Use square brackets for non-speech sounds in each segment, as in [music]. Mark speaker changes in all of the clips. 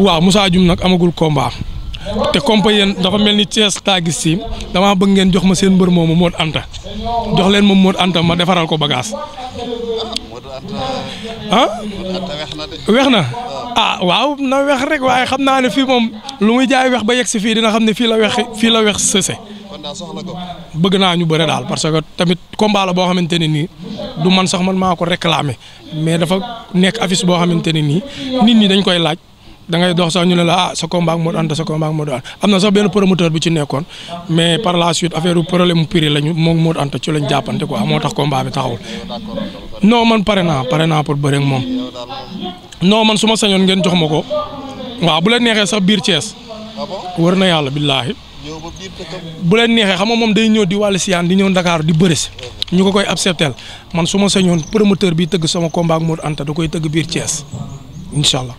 Speaker 1: waaw Moussa Dioum nag amagul combat te compa yéen dafa mel ni Thiès taa gis si damaa bëgg ngeen jox ma seen mbër ma Modou Anta jox leen ma Modou Anta ma defaral ko bagaas ah weex na ah waaw na weex rek waaye xam naa ne fii moom lu muy jaay weex ba yegg si fii dina xam ne fii la weex fii la weex sëse bëgg naa ñu bëre daal parce que tamit combat la boo xamante ne nii du man sax man maa ko réclamer mais dafa nekk affiche boo xamante ne nii nit ñi dañ koy laaj da ngay dox sax ñu ne la ah sa combat ak Modou Anta sa combat ak am na sax benn promoteur bu ci nekkoon mais par la suite affaire bu problème mu prix lañu moom Modou Anta ci lañ jàppante quoi moo tax combat bi taxawul. non man pare naa pare naa pour bëre ak moom non man su ma sañoon ngeen jox ma ko waaw bu la neexee sax biir Thiès ah wër na yàlla billaahi bu leen neexee xam nga moom day ñëw di wàllu siyaan di ñëw Dakar di bëri si ñu ko koy acceptel man su ma sañoon promoteur bi tëgg sama combat ak Modou Anta da koy tëgg biir Thiès incha allah.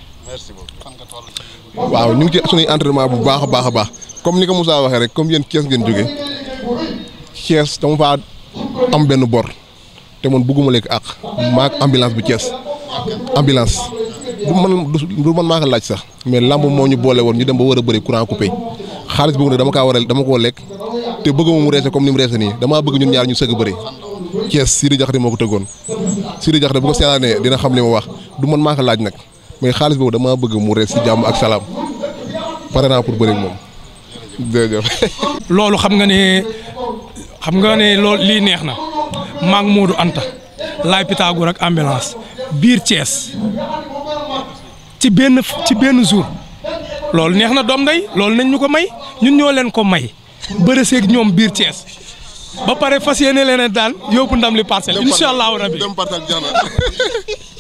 Speaker 2: waaw ñu ngi ci suñuy entraînement bu baax a baax a baax
Speaker 1: comme ni ko Moussa waxee
Speaker 2: rek comme yéen Thiès ngeen jógee Thiès dama faa am benn bor te man bëgguma lekk ak maak ambulance bu Thiès ambulance du man du man maa ko laaj sax mais lamb moo ñu boole woon ñu dem ba war a bëri courant coupé. xaalis boobu nag dama kaa waral dama koo lekk te bëgguma mu reese comme ni mu reese nii damaa bëgg ñun ñaar ñu sëgg bëri Thiès Sidi Diakhaté moo ko tëggoon Sidi Diakhaté bu ko seetaanee dina xam li ma wax du man maa ko laaj nag mais xaalis boobu damaa bëgg mu rees si jàmm ak salaam pare naa pour bëri moom
Speaker 1: [laughs] loolu xam nga ne xam nga ne loolu lii neex na maag Modou Anta laay Pythagore ak ambulance biir Thiès ci benn ci benn jour loolu neex na doom day loolu nañ ñu ko may. ñun ñoo leen ko may bëre seeg ñoom biir Thiès ba pare fas yéene leen daan yóbbu ndam li parcelle incha allahu rabi
Speaker 2: [laughs]